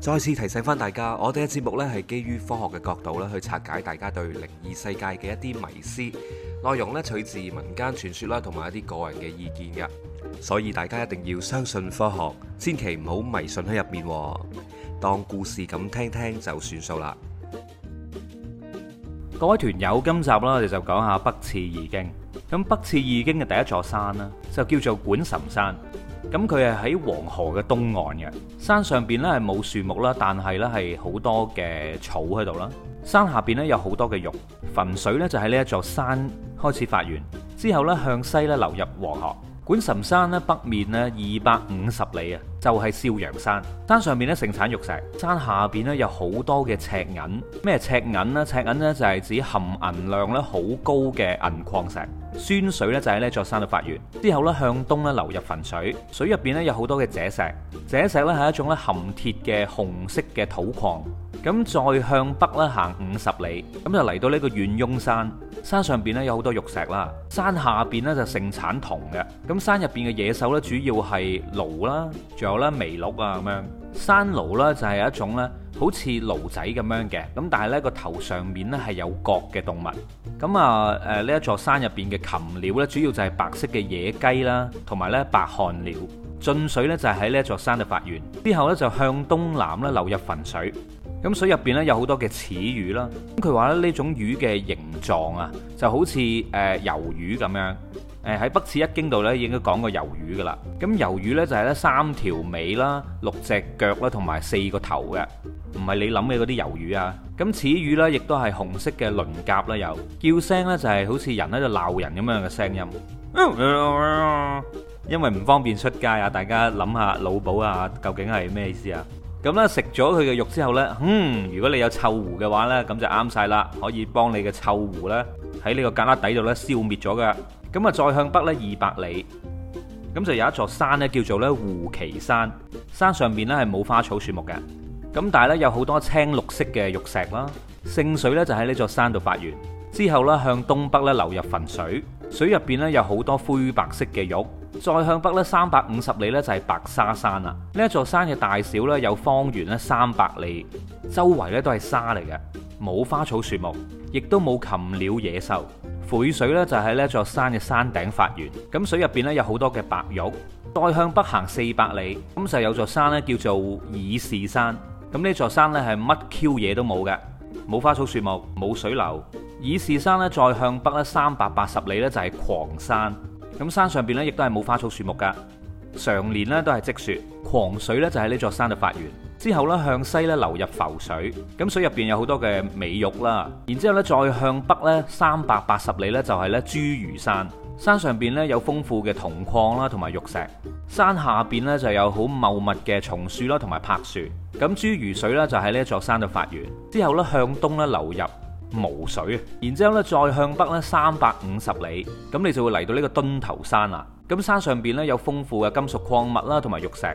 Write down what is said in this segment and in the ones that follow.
再次提醒翻大家，我哋嘅節目呢係基於科學嘅角度呢去拆解大家對靈異世界嘅一啲迷思，內容呢取自民間傳說啦，同埋一啲個人嘅意見嘅，所以大家一定要相信科學，千祈唔好迷信喺入面，當故事咁聽聽就算數啦。各位團友，今集啦，我哋就講下北次二經。咁北次二經嘅第一座山呢，就叫做管涔山。咁佢係喺黃河嘅東岸嘅山上邊呢係冇樹木啦，但係呢係好多嘅草喺度啦。山下邊呢有好多嘅肉，汾水呢就喺呢一座山開始發源，之後呢向西呢流入黃河。本岑山咧北面咧二百五十里啊，就係、是、少陽山。山上面咧盛產玉石，山下邊咧有好多嘅赤銀。咩赤銀呢？赤銀呢就係指含銀量咧好高嘅銀礦石。酸水咧就喺呢座山度發源，之後咧向東咧流入汾水，水入邊咧有好多嘅赭石。赭石咧係一種咧含鐵嘅紅色嘅土礦。咁再向北咧行五十里，咁就嚟到呢個縣雍山。山上邊咧有好多玉石啦，山下邊咧就盛產銅嘅。咁山入邊嘅野獸咧，主要係閭啦，仲有咧麋鹿啊咁樣。山閭咧就係一種咧，好似驢仔咁樣嘅，咁但係咧個頭上面咧係有角嘅動物。咁啊誒呢一座山入邊嘅禽鳥咧，主要就係白色嘅野雞啦，同埋咧白䳠鳥。晉水咧就喺呢一座山度發源，之後咧就向東南咧流入汾水。咁所以入邊咧有好多嘅似魚啦，咁佢話咧呢種魚嘅形狀啊，就好似誒魷魚咁樣，誒喺北市一經度咧已經講過魷魚噶啦。咁魷魚咧就係咧三條尾啦、六隻腳啦、同埋四個頭嘅，唔係你諗嘅嗰啲魷魚啊。咁似魚咧亦都係紅色嘅鱗甲啦，又叫聲咧就係好似人喺度鬧人咁樣嘅聲音。因為唔方便出街啊，大家諗下腦補啊，究竟係咩意思啊？咁啦，食咗佢嘅肉之後呢，嗯，如果你有臭狐嘅話呢，咁就啱晒啦，可以幫你嘅臭狐呢，喺呢個旮旯底度呢，消滅咗㗎。咁啊，再向北呢，二百里，咁就有一座山呢，叫做呢狐岐山。山上邊呢，係冇花草樹木嘅，咁但係呢，有好多青綠色嘅玉石啦，聖水呢，就喺呢座山度發源。之後咧，向東北咧，流入汾水，水入邊咧，有好多灰白色嘅玉。再向北咧，三百五十里咧，就係白沙山啦。呢一座山嘅大小咧，有方圓咧，三百里，周圍咧，都係沙嚟嘅，冇花草樹木，亦都冇禽鳥野獸。鮪水咧，就喺呢一座山嘅山頂發源。咁水入邊咧，有好多嘅白玉。再向北行四百里，咁就有座山咧，叫做爾士山。咁呢座山咧，係乜 q 嘢，都冇嘅，冇花草樹木，冇水流。以士山咧，再向北咧三百八十里咧，就係狂山。咁山上邊咧，亦都係冇花草樹木噶，常年咧都係積雪。狂水咧就喺呢座山度發源，之後咧向西咧流入浮水。咁水入邊有好多嘅美玉啦，然之後咧再向北咧三百八十里咧，就係咧諸餘山。山上邊咧有豐富嘅銅礦啦，同埋玉石。山下邊咧就有好茂密嘅松樹啦，同埋柏樹。咁諸餘水咧就喺呢一座山度發源，之後咧向東咧流入。無水啊！然之後咧，再向北咧三百五十里，咁你就會嚟到呢個敦頭山啦。咁山上邊咧有豐富嘅金屬礦物啦，同埋玉石。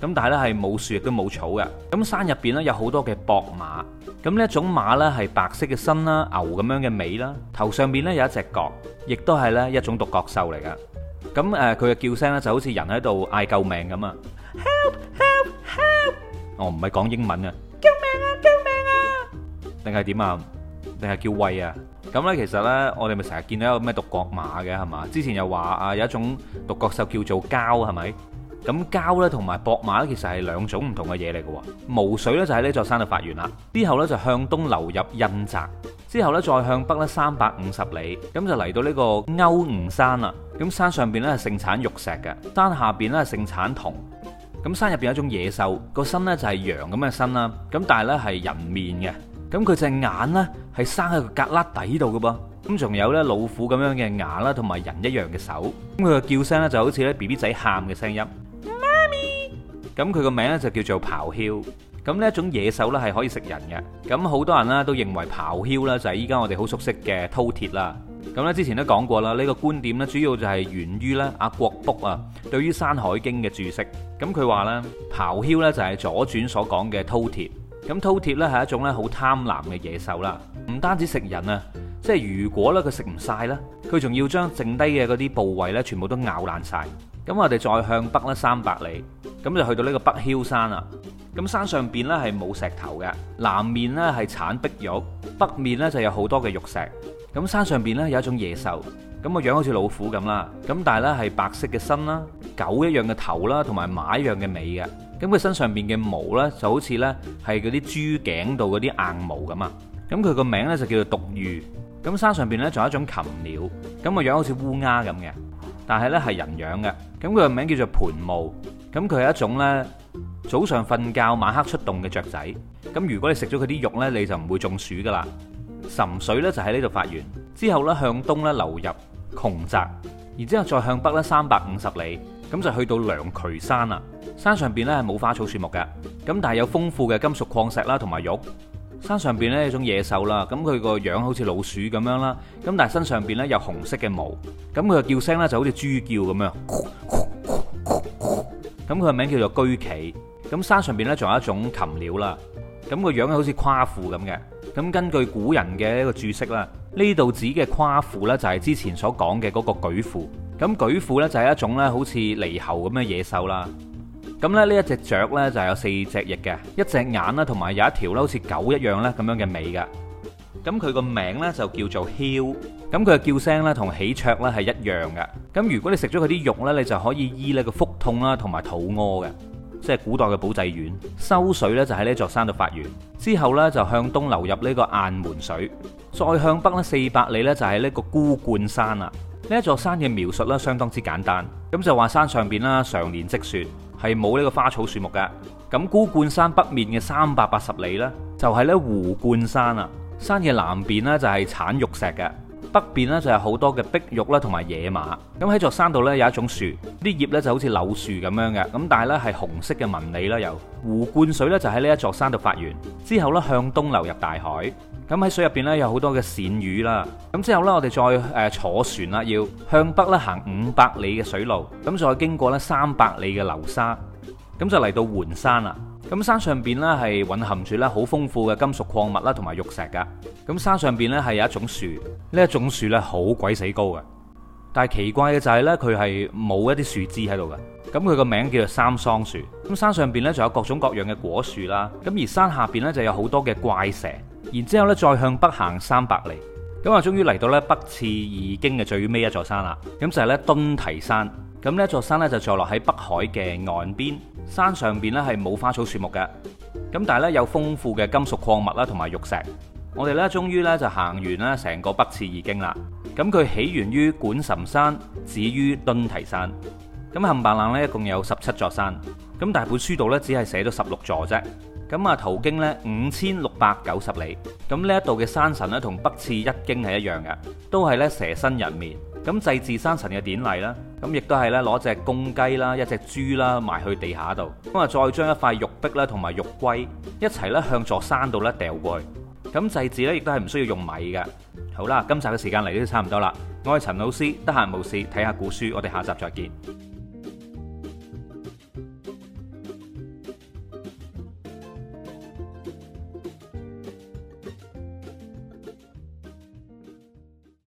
咁但係咧係冇樹亦都冇草嘅。咁山入邊咧有好多嘅博馬。咁呢一種馬咧係白色嘅身啦，牛咁樣嘅尾啦，頭上邊咧有一隻角，亦都係咧一種獨角獸嚟噶。咁誒，佢嘅叫聲咧就好似人喺度嗌救命咁啊！Help！Help！Help！Help！我唔係講英文啊！救命啊！救命啊！定係點啊？定係叫胃啊！咁呢，其實呢，我哋咪成日見到有咩獨角馬嘅係嘛？之前又話啊，有一種獨角獸叫做蛟係咪？咁蛟呢，同埋博馬呢，其實係兩種唔同嘅嘢嚟嘅喎。毛水呢，就喺呢座山度發源啦，之後呢，就向東流入印澤，之後呢，再向北呢，三百五十里，咁就嚟到呢個歐梧山啦。咁山上邊呢，係盛產玉石嘅，山下邊呢，係盛產銅。咁山入邊有一種野獸，個身呢，就係羊咁嘅身啦，咁但係呢，係人面嘅。咁佢隻眼咧係生喺個旮旯底度嘅噃，咁仲有咧老虎咁樣嘅牙啦，同埋人一樣嘅手。咁佢嘅叫聲咧就好似咧 B B 仔喊嘅聲音。媽咪，咁佢個名咧就叫做狍鴞。咁呢一種野獸咧係可以食人嘅。咁好多人咧都認為狍鴞咧就係依家我哋好熟悉嘅饕餮啦。咁咧之前都講過啦，呢個觀點咧主要就係源於咧阿郭璞啊對於《山海經》嘅注釋。咁佢話咧，狍鴞咧就係左傳所講嘅饕餮。咁饕餮咧係一種咧好貪婪嘅野獸啦，唔單止食人啊，即係如果咧佢食唔晒咧，佢仲要將剩低嘅嗰啲部位咧，全部都咬爛晒。咁我哋再向北咧三百里，咁就去到呢個北囂山啦。咁山上邊咧係冇石頭嘅，南面咧係產碧玉，北面咧就有好多嘅玉石。咁山上邊咧有一種野獸，咁個樣好似老虎咁啦，咁但係咧係白色嘅身啦，狗一樣嘅頭啦，同埋馬一樣嘅尾嘅。咁佢身上邊嘅毛咧，就好似咧係嗰啲豬頸度嗰啲硬毛咁啊！咁佢個名咧就叫做毒魚。咁山上邊咧仲有一種禽鳥，咁個樣好似烏鴉咁嘅，但係咧係人樣嘅。咁佢個名叫做盤毛。咁佢係一種咧早上瞓覺，晚黑出動嘅雀仔。咁如果你食咗佢啲肉咧，你就唔會中暑噶啦。岑水咧就喺呢度發源，之後咧向東咧流入窮澤，然之後再向北咧三百五十里。咁就去到梁渠山啦，山上邊呢係冇花草樹木嘅，咁但係有豐富嘅金屬礦石啦同埋玉。山上邊呢有一種野獸啦，咁佢個樣好似老鼠咁樣啦，咁但係身上邊呢有紅色嘅毛，咁佢嘅叫聲呢就好似豬叫咁樣，咁佢個名叫做「居奇」。咁山上邊呢仲有一種禽鳥啦，咁個樣好似夸父咁嘅，咁根據古人嘅一個註釋啦。呢度指嘅夸父呢，就係之前所講嘅嗰個舉父。咁舉父呢，就係一種呢，好似獼猴咁嘅野獸啦。咁咧呢一隻雀呢，就係有四隻翼嘅，一隻眼啦，同埋有一條咧好似狗一樣呢咁樣嘅尾㗎。咁佢個名呢，就叫做囂。咁佢嘅叫聲呢，同喜鵲呢，係一樣嘅。咁如果你食咗佢啲肉呢，你就可以醫你個腹痛啦，同埋肚屙嘅，即係古代嘅保濟丸。收水呢，就喺呢座山度發源，之後呢，就向東流入呢個雁門水。再向北呢，四百里呢，就係呢個孤冠山啦，呢一座山嘅描述呢，相當之簡單，咁就話山上邊啦常年積雪，係冇呢個花草樹木嘅。咁孤冠山北面嘅三百八十里呢，就係呢湖冠山啦，山嘅南邊呢，就係產玉石嘅，北邊呢，就係好多嘅碧玉啦同埋野馬。咁喺座山度呢，有一種樹，啲葉呢就好似柳樹咁樣嘅，咁但係呢，係紅色嘅紋理啦。由湖冠水呢，就喺呢一座山度發源，之後呢，向東流入大海。咁喺水入邊呢，有好多嘅鱔魚啦，咁之後呢，我哋再誒坐船啦，要向北咧行五百里嘅水路，咁再經過呢三百里嘅流沙，咁就嚟到洹山啦。咁山上邊呢，係蘊含住咧好豐富嘅金屬礦物啦同埋玉石噶。咁山上邊呢，係有一種樹，呢一種樹咧好鬼死高嘅，但係奇怪嘅就係呢，佢係冇一啲樹枝喺度嘅。咁佢個名叫做三桑樹。咁山上邊呢，就有各種各樣嘅果樹啦。咁而山下邊呢，就有好多嘅怪蛇。然之後咧，再向北行三百里，咁啊，終於嚟到咧北次二經嘅最尾一座山啦。咁就係咧敦提山。咁呢座山咧就坐落喺北海嘅岸邊，山上邊咧係冇花草樹木嘅。咁但係咧有豐富嘅金屬礦物啦同埋玉石。我哋咧終於咧就行完啦成個北次二經啦。咁佢起源於管岑山，止於敦提山。咁冚唪唥咧一共有十七座山。咁但係本書度咧只係寫咗十六座啫。咁啊，途經咧五千六百九十里，咁呢一度嘅山神咧，同北次一經係一樣嘅，都係咧蛇身人面。咁祭祀山神嘅典禮啦，咁亦都係咧攞隻公雞啦，一隻豬啦埋去地下度，咁啊再將一塊玉璧啦同埋玉圭一齊咧向座山度咧掉過去。咁祭祀咧亦都係唔需要用米嘅。好啦，今集嘅時間嚟到差唔多啦，我係陳老師，得閒無事睇下古書，我哋下集再見。